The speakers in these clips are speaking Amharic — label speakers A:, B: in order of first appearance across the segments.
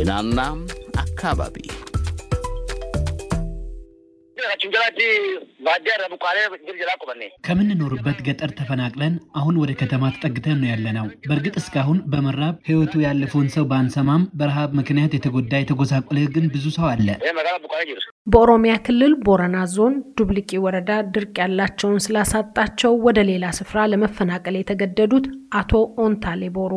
A: ጤናና አካባቢ ከምንኖርበት ገጠር ተፈናቅለን አሁን ወደ ከተማ ተጠግተን ነው ያለነው። በእርግጥ እስካሁን በመራብ ሕይወቱ ያለፈውን ሰው ባንሰማም በረሃብ ምክንያት የተጎዳ የተጎሳቆለ ግን ብዙ ሰው አለ።
B: በኦሮሚያ ክልል ቦረና ዞን ዱብልቂ ወረዳ ድርቅ ያላቸውን ስላሳጣቸው ወደ ሌላ ስፍራ ለመፈናቀል የተገደዱት አቶ ኦንታሌ ቦሩ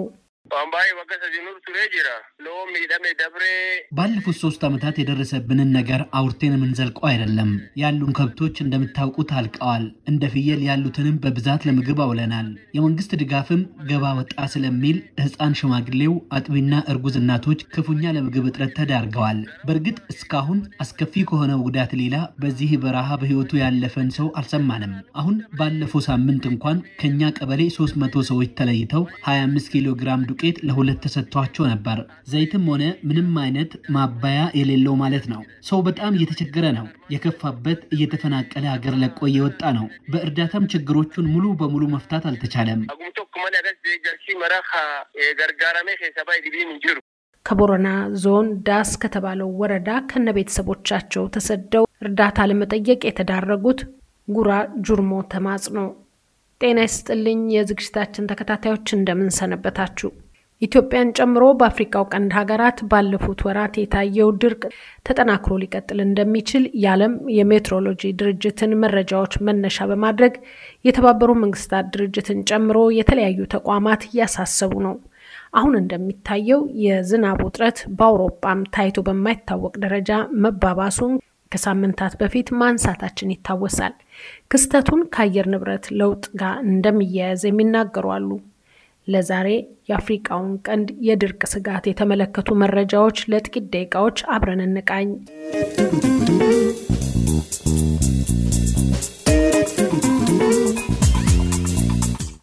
A: ባለፉት ሶስት ዓመታት የደረሰብንን ነገር አውርቴን የምንዘልቀው አይደለም። ያሉን ከብቶች እንደምታውቁት አልቀዋል። እንደ ፍየል ያሉትንም በብዛት ለምግብ አውለናል። የመንግስት ድጋፍም ገባ ወጣ ስለሚል ሕፃን ሽማግሌው፣ አጥቢና እርጉዝ እናቶች ክፉኛ ለምግብ እጥረት ተዳርገዋል። በእርግጥ እስካሁን አስከፊ ከሆነው ጉዳት ሌላ በዚህ በረሃ በሕይወቱ ያለፈን ሰው አልሰማንም። አሁን ባለፈው ሳምንት እንኳን ከኛ ቀበሌ 300 ሰዎች ተለይተው 25 ኪሎ ግራም ዱቄት ለሁለት ተሰጥቷቸው ነበር። ዘይትም ሆነ ምንም አይነት ማባያ የሌለው ማለት ነው። ሰው በጣም እየተቸገረ ነው። የከፋበት እየተፈናቀለ ሀገር ለቆ እየወጣ ነው። በእርዳታም ችግሮቹን ሙሉ በሙሉ መፍታት አልተቻለም።
B: ከቦረና ዞን ዳስ ከተባለው ወረዳ ከነ ቤተሰቦቻቸው ተሰደው እርዳታ ለመጠየቅ የተዳረጉት ጉራ ጁርሞ ተማጽኖ። ጤና ይስጥልኝ የዝግጅታችን ተከታታዮች እንደምንሰነበታችሁ። ኢትዮጵያን ጨምሮ በአፍሪካው ቀንድ ሀገራት ባለፉት ወራት የታየው ድርቅ ተጠናክሮ ሊቀጥል እንደሚችል የዓለም የሜትሮሎጂ ድርጅትን መረጃዎች መነሻ በማድረግ የተባበሩ መንግስታት ድርጅትን ጨምሮ የተለያዩ ተቋማት እያሳሰቡ ነው። አሁን እንደሚታየው የዝናብ ውጥረት በአውሮፓም ታይቶ በማይታወቅ ደረጃ መባባሱን ከሳምንታት በፊት ማንሳታችን ይታወሳል። ክስተቱን ከአየር ንብረት ለውጥ ጋር እንደሚያያዝ የሚናገሩ አሉ። ለዛሬ የአፍሪቃውን ቀንድ የድርቅ ስጋት የተመለከቱ መረጃዎች ለጥቂት ደቂቃዎች አብረን እንቃኝ።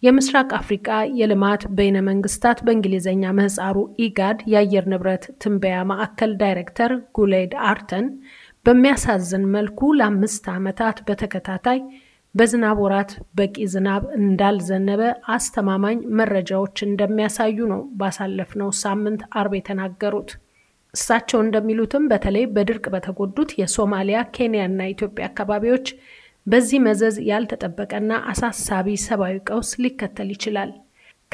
B: የምስራቅ አፍሪቃ የልማት በይነ መንግስታት በእንግሊዝኛ ምህፃሩ ኢጋድ የአየር ንብረት ትንበያ ማዕከል ዳይሬክተር ጉሌድ አርተን በሚያሳዝን መልኩ ለአምስት ዓመታት በተከታታይ በዝናብ ወራት በቂ ዝናብ እንዳልዘነበ አስተማማኝ መረጃዎች እንደሚያሳዩ ነው ባሳለፍነው ሳምንት አርብ የተናገሩት። እሳቸው እንደሚሉትም በተለይ በድርቅ በተጎዱት የሶማሊያ፣ ኬንያ እና ኢትዮጵያ አካባቢዎች በዚህ መዘዝ ያልተጠበቀና አሳሳቢ ሰብአዊ ቀውስ ሊከተል ይችላል።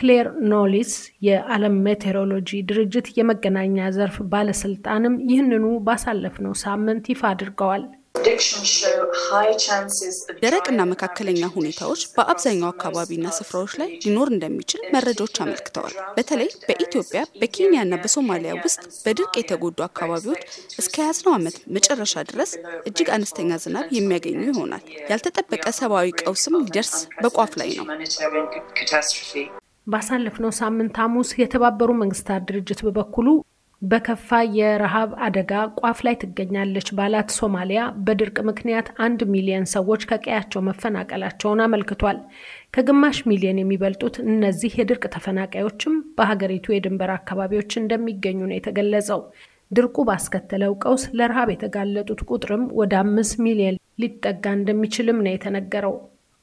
B: ክሌር ኖሊስ የዓለም ሜቴሮሎጂ ድርጅት የመገናኛ ዘርፍ ባለስልጣንም ይህንኑ ባሳለፍነው ሳምንት ይፋ አድርገዋል። ደረቅና መካከለኛ ሁኔታዎች በአብዛኛው አካባቢና ስፍራዎች ላይ ሊኖር እንደሚችል መረጃዎች አመልክተዋል። በተለይ በኢትዮጵያ በኬንያና በሶማሊያ ውስጥ በድርቅ የተጎዱ አካባቢዎች እስከ ያዝነው ዓመት መጨረሻ ድረስ እጅግ አነስተኛ ዝናብ የሚያገኙ ይሆናል። ያልተጠበቀ ሰብአዊ ቀውስም ሊደርስ በቋፍ ላይ ነው። ባሳለፍነው ሳምንት ሐሙስ የተባበሩ መንግስታት ድርጅት በበኩሉ በከፋ የረሃብ አደጋ ቋፍ ላይ ትገኛለች ባላት ሶማሊያ በድርቅ ምክንያት አንድ ሚሊየን ሰዎች ከቀያቸው መፈናቀላቸውን አመልክቷል። ከግማሽ ሚሊየን የሚበልጡት እነዚህ የድርቅ ተፈናቃዮችም በሀገሪቱ የድንበር አካባቢዎች እንደሚገኙ ነው የተገለጸው። ድርቁ ባስከተለው ቀውስ ለረሃብ የተጋለጡት ቁጥርም ወደ አምስት ሚሊየን ሊጠጋ እንደሚችልም ነው የተነገረው።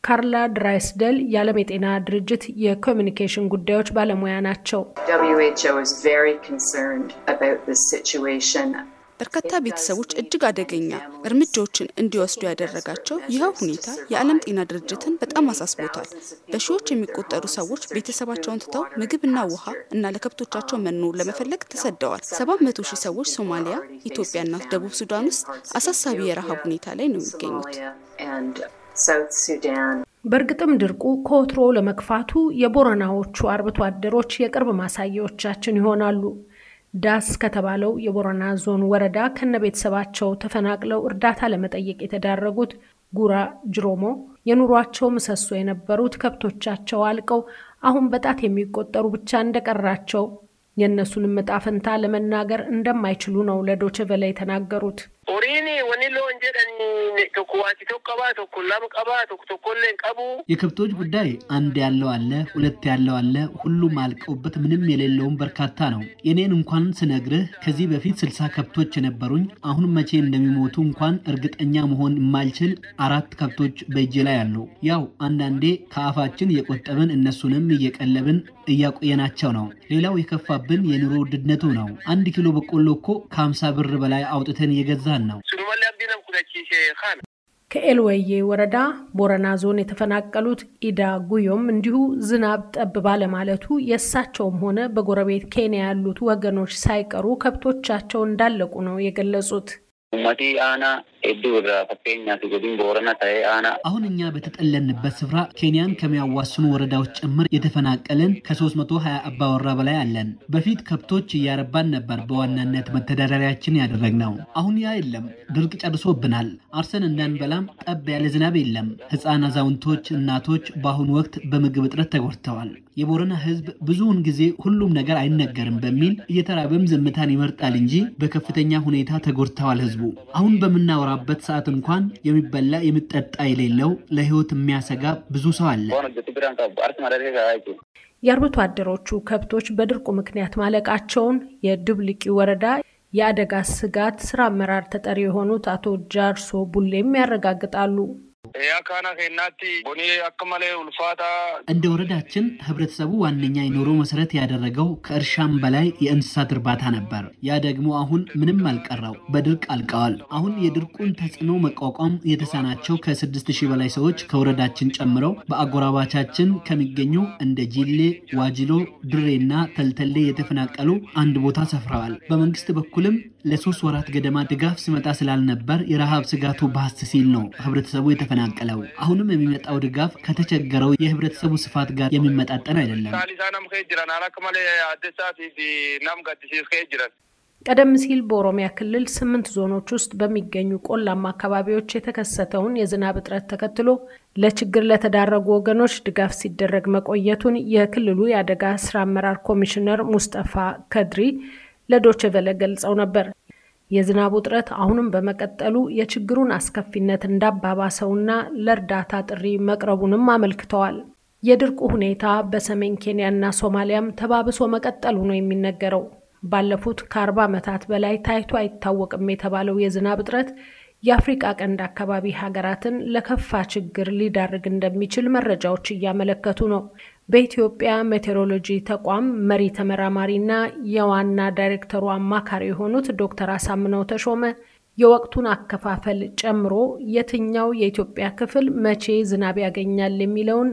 B: ካርላ ድራይስደል የዓለም የጤና ድርጅት የኮሚኒኬሽን ጉዳዮች ባለሙያ ናቸው። በርካታ ቤተሰቦች እጅግ አደገኛ እርምጃዎችን እንዲወስዱ ያደረጋቸው ይኸው ሁኔታ የዓለም ጤና ድርጅትን በጣም አሳስቦታል። በሺዎች የሚቆጠሩ ሰዎች ቤተሰባቸውን ትተው ምግብና ውሃ እና ለከብቶቻቸው መኖ ለመፈለግ ተሰደዋል። ሰባት መቶ ሺህ ሰዎች ሶማሊያ፣ ኢትዮጵያና ደቡብ ሱዳን ውስጥ አሳሳቢ የረሃብ ሁኔታ ላይ ነው የሚገኙት። በእርግጥም ድርቁ ከወትሮ ለመክፋቱ የቦረናዎቹ አርብቶ አደሮች የቅርብ ማሳያዎቻችን ይሆናሉ። ዳስ ከተባለው የቦረና ዞን ወረዳ ከነ ቤተሰባቸው ተፈናቅለው እርዳታ ለመጠየቅ የተዳረጉት ጉራ ጅሮሞ የኑሯቸው ምሰሶ የነበሩት ከብቶቻቸው አልቀው አሁን በጣት የሚቆጠሩ ብቻ እንደቀራቸው የእነሱንም መጣፈንታ ለመናገር እንደማይችሉ ነው ለዶች ቬለ የተናገሩት።
A: የከብቶች ጉዳይ አንድ ያለው አለ፣ ሁለት ያለው አለ። ሁሉም አልቀውበት ምንም የሌለውም በርካታ ነው። የኔን እንኳን ስነግርህ ከዚህ በፊት ስልሳ ከብቶች የነበሩኝ አሁን መቼ እንደሚሞቱ እንኳን እርግጠኛ መሆን የማልችል አራት ከብቶች በእጅ ላይ አሉ። ያው አንዳንዴ ከአፋችን የቆጠብን እነሱንም እየቀለብን እያቆየናቸው ነው። ሌላው የከፋብን የኑሮ ውድነቱ ነው። አንድ ኪሎ በቆሎ እኮ ከሀምሳ ብር በላይ አውጥተን እየገዛን ነው።
B: ከኤልወዬ ወረዳ ቦረና ዞን የተፈናቀሉት ኢዳ ጉዮም እንዲሁ ዝናብ ጠብ ባለማለቱ የእሳቸውም ሆነ በጎረቤት ኬንያ ያሉት ወገኖች ሳይቀሩ ከብቶቻቸው እንዳለቁ ነው የገለጹት። አሁን እኛ በተጠለንበት
A: ስፍራ ኬንያን ከሚያዋስኑ ወረዳዎች ጭምር የተፈናቀልን ከ320 አባወራ በላይ አለን። በፊት ከብቶች እያረባን ነበር በዋናነት መተዳደሪያችን ያደረግነው። አሁን ያ የለም። ድርቅ ጨርሶብናል። አርሰን እንዳንበላም ጠብ ያለ ዝናብ የለም። ሕፃን፣ አዛውንቶች፣ እናቶች በአሁኑ ወቅት በምግብ እጥረት ተጎድተዋል። የቦረና ሕዝብ ብዙውን ጊዜ ሁሉም ነገር አይነገርም በሚል እየተራበም ዝምታን ይመርጣል እንጂ በከፍተኛ ሁኔታ ተጎድተዋል። ህዝቡ አሁን በምናወራ በምንሰራበት ሰዓት እንኳን የሚበላ የሚጠጣ የሌለው ለህይወት የሚያሰጋ ብዙ ሰው አለ።
B: የአርብቶ አደሮቹ ከብቶች በድርቁ ምክንያት ማለቃቸውን የድብልቂ ወረዳ የአደጋ ስጋት ስራ አመራር ተጠሪ የሆኑት አቶ ጃርሶ ቡሌም ያረጋግጣሉ።
A: እንደ ወረዳችን ህብረተሰቡ ዋነኛ የኑሮ መሰረት ያደረገው ከእርሻም በላይ የእንስሳት እርባታ ነበር። ያ ደግሞ አሁን ምንም አልቀረው፣ በድርቅ አልቀዋል። አሁን የድርቁን ተጽዕኖ መቋቋም የተሳናቸው ከ6000 በላይ ሰዎች ከወረዳችን ጨምረው በአጎራባቻችን ከሚገኙ እንደ ጂሌ፣ ዋጅሎ፣ ድሬና ተልተሌ የተፈናቀሉ አንድ ቦታ ሰፍረዋል። በመንግስት በኩልም ለሶስት ወራት ገደማ ድጋፍ ሲመጣ ስላልነበር የረሃብ ስጋቱ ባስ ሲል ነው ህብረተሰቡ የተፈናቀለው። አሁንም የሚመጣው ድጋፍ ከተቸገረው የህብረተሰቡ ስፋት ጋር የሚመጣጠን አይደለም።
B: ቀደም ሲል በኦሮሚያ ክልል ስምንት ዞኖች ውስጥ በሚገኙ ቆላማ አካባቢዎች የተከሰተውን የዝናብ እጥረት ተከትሎ ለችግር ለተዳረጉ ወገኖች ድጋፍ ሲደረግ መቆየቱን የክልሉ የአደጋ ስራ አመራር ኮሚሽነር ሙስጠፋ ከድሪ ለዶችቨለ ገልጸው ነበር። የዝናብ ውጥረት አሁንም በመቀጠሉ የችግሩን አስከፊነት እንዳባባሰውና ለእርዳታ ጥሪ መቅረቡንም አመልክተዋል። የድርቁ ሁኔታ በሰሜን ኬንያና ሶማሊያም ተባብሶ መቀጠሉ ነው የሚነገረው። ባለፉት ከአርባ ዓመታት በላይ ታይቶ አይታወቅም የተባለው የዝናብ እጥረት የአፍሪቃ ቀንድ አካባቢ ሀገራትን ለከፋ ችግር ሊዳርግ እንደሚችል መረጃዎች እያመለከቱ ነው። በኢትዮጵያ ሜቴሮሎጂ ተቋም መሪ ተመራማሪና የዋና ዳይሬክተሩ አማካሪ የሆኑት ዶክተር አሳምነው ተሾመ የወቅቱን አከፋፈል ጨምሮ የትኛው የኢትዮጵያ ክፍል መቼ ዝናብ ያገኛል የሚለውን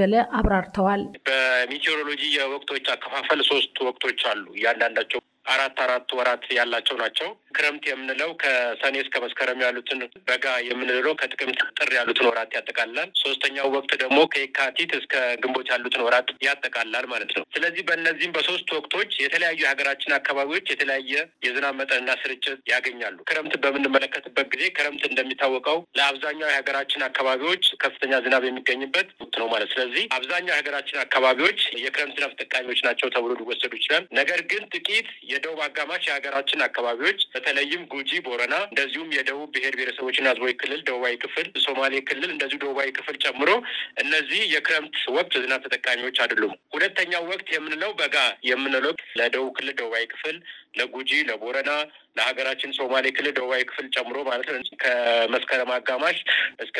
B: በለ አብራርተዋል።
C: በሜቴሮሎጂ የወቅቶች አከፋፈል ሶስት ወቅቶች አሉ። እያንዳንዳቸው አራት አራት ወራት ያላቸው ናቸው። ክረምት የምንለው ከሰኔ እስከ መስከረም ያሉትን፣ በጋ የምንለው ከጥቅምት ጥር ያሉትን ወራት ያጠቃልላል። ሶስተኛው ወቅት ደግሞ ከየካቲት እስከ ግንቦት ያሉትን ወራት ያጠቃልላል ማለት ነው። ስለዚህ በእነዚህም በሶስት ወቅቶች የተለያዩ የሀገራችን አካባቢዎች የተለያየ የዝናብ መጠንና ስርጭት ያገኛሉ። ክረምት በምንመለከትበት ጊዜ ክረምት እንደሚታወቀው ለአብዛኛው የሀገራችን አካባቢዎች ከፍተኛ ዝናብ የሚገኝበት ወቅት ነው ማለት ስለዚህ አብዛኛው የሀገራችን አካባቢዎች የክረምት ዝናብ ተጠቃሚዎች ናቸው ተብሎ ሊወሰዱ ይችላል። ነገር ግን ጥቂት የደቡብ አጋማሽ የሀገራችን አካባቢዎች በተለይም ጉጂ፣ ቦረና እንደዚሁም የደቡብ ብሔር ብሔረሰቦችና ህዝቦች ክልል ደቡባዊ ክፍል፣ ሶማሌ ክልል እንደዚሁ ደቡባዊ ክፍል ጨምሮ እነዚህ የክረምት ወቅት ዝናብ ተጠቃሚዎች አይደሉም። ሁለተኛው ወቅት የምንለው በጋ የምንለው ለደቡብ ክልል ደቡባዊ ክፍል ለጉጂ፣ ለቦረና፣ ለሀገራችን ሶማሌ ክልል ደቡባዊ ክፍል ጨምሮ ማለት ነው ከመስከረም አጋማሽ እስከ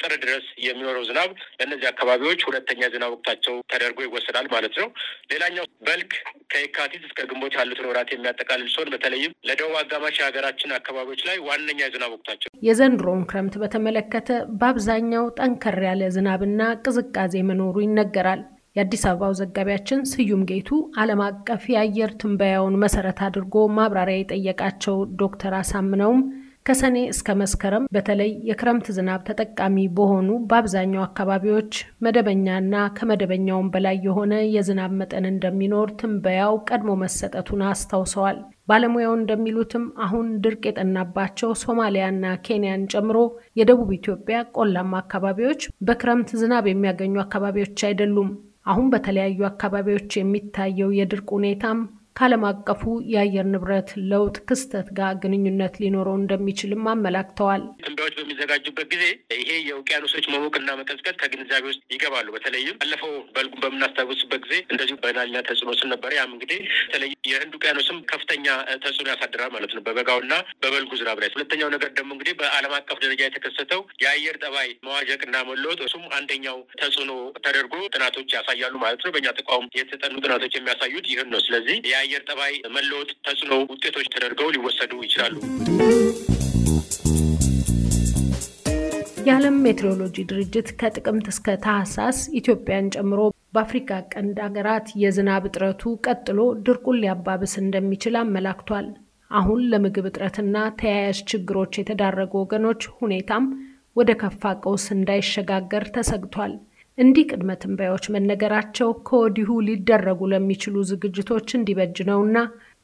C: ጥር ድረስ የሚኖረው ዝናብ ለእነዚህ አካባቢዎች ሁለተኛ ዝናብ ወቅታቸው ተደርጎ ይወሰዳል ማለት ነው። ሌላኛው በልግ ከየካቲት እስከ ግንቦት ያሉትን ወራት የሚያጠቃልል ሲሆን በተለይም ለደቡብ አጋማሽ የሀገራችን አካባቢዎች ላይ ዋነኛ
B: የዝናብ ወቅታቸው። የዘንድሮውን ክረምት በተመለከተ በአብዛኛው ጠንከር ያለ ዝናብና ቅዝቃዜ መኖሩ ይነገራል። የአዲስ አበባው ዘጋቢያችን ስዩም ጌቱ ዓለም አቀፍ የአየር ትንበያውን መሰረት አድርጎ ማብራሪያ የጠየቃቸው ዶክተር አሳምነውም ከሰኔ እስከ መስከረም በተለይ የክረምት ዝናብ ተጠቃሚ በሆኑ በአብዛኛው አካባቢዎች መደበኛና ከመደበኛውም በላይ የሆነ የዝናብ መጠን እንደሚኖር ትንበያው ቀድሞ መሰጠቱን አስታውሰዋል። ባለሙያው እንደሚሉትም አሁን ድርቅ የጠናባቸው ሶማሊያና ኬንያን ጨምሮ የደቡብ ኢትዮጵያ ቆላማ አካባቢዎች በክረምት ዝናብ የሚያገኙ አካባቢዎች አይደሉም። አሁን በተለያዩ አካባቢዎች የሚታየው የድርቅ ሁኔታም ከዓለም አቀፉ የአየር ንብረት ለውጥ ክስተት ጋር ግንኙነት ሊኖረው እንደሚችልም አመላክተዋል። ትንበያዎች በሚዘጋጁበት ጊዜ ይሄ የውቅያኖሶች መሞቅና መቀዝቀዝ
C: ከግንዛቤ ውስጥ ይገባሉ። በተለይም ባለፈው በልጉ በምናስታውስበት ጊዜ እንደዚሁ በናሊና ተጽዕኖ ስል ነበረ። ያም እንግዲህ በተለይ የህንድ ውቅያኖስም ከፍተኛ ተጽዕኖ ያሳድራል ማለት ነው በበጋውና በበልጉ ዝናብ ላይ። ሁለተኛው ነገር ደግሞ እንግዲህ በዓለም አቀፍ ደረጃ የተከሰተው የአየር ጠባይ መዋዠቅና መለወጥ እሱም አንደኛው ተጽዕኖ ተደርጎ ጥናቶች ያሳያሉ ማለት ነው። በእኛ ተቋም የተጠኑ ጥናቶች የሚያሳዩት ይህን ነው። ስለዚህ የአየር ጠባይ መለወጥ ተጽዕኖ ውጤቶች ተደርገው ሊወሰዱ ይችላሉ።
B: የዓለም ሜትሮሎጂ ድርጅት ከጥቅምት እስከ ታህሳስ ኢትዮጵያን ጨምሮ በአፍሪካ ቀንድ አገራት የዝናብ እጥረቱ ቀጥሎ ድርቁን ሊያባብስ እንደሚችል አመላክቷል። አሁን ለምግብ እጥረትና ተያያዥ ችግሮች የተዳረጉ ወገኖች ሁኔታም ወደ ከፋ ቀውስ እንዳይሸጋገር ተሰግቷል። እንዲህ ቅድመ ትንበያዎች መነገራቸው ከወዲሁ ሊደረጉ ለሚችሉ ዝግጅቶች እንዲበጅ ነውና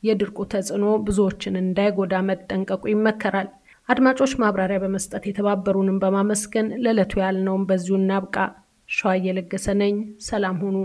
B: የድርቁ ተጽዕኖ ብዙዎችን እንዳይጎዳ መጠንቀቁ ይመከራል። አድማጮች፣ ማብራሪያ በመስጠት የተባበሩንም በማመስገን ለዕለቱ ያልነውን በዚሁ እናብቃ። ሸዋ እየለገሰ ነኝ። ሰላም ሁኑ።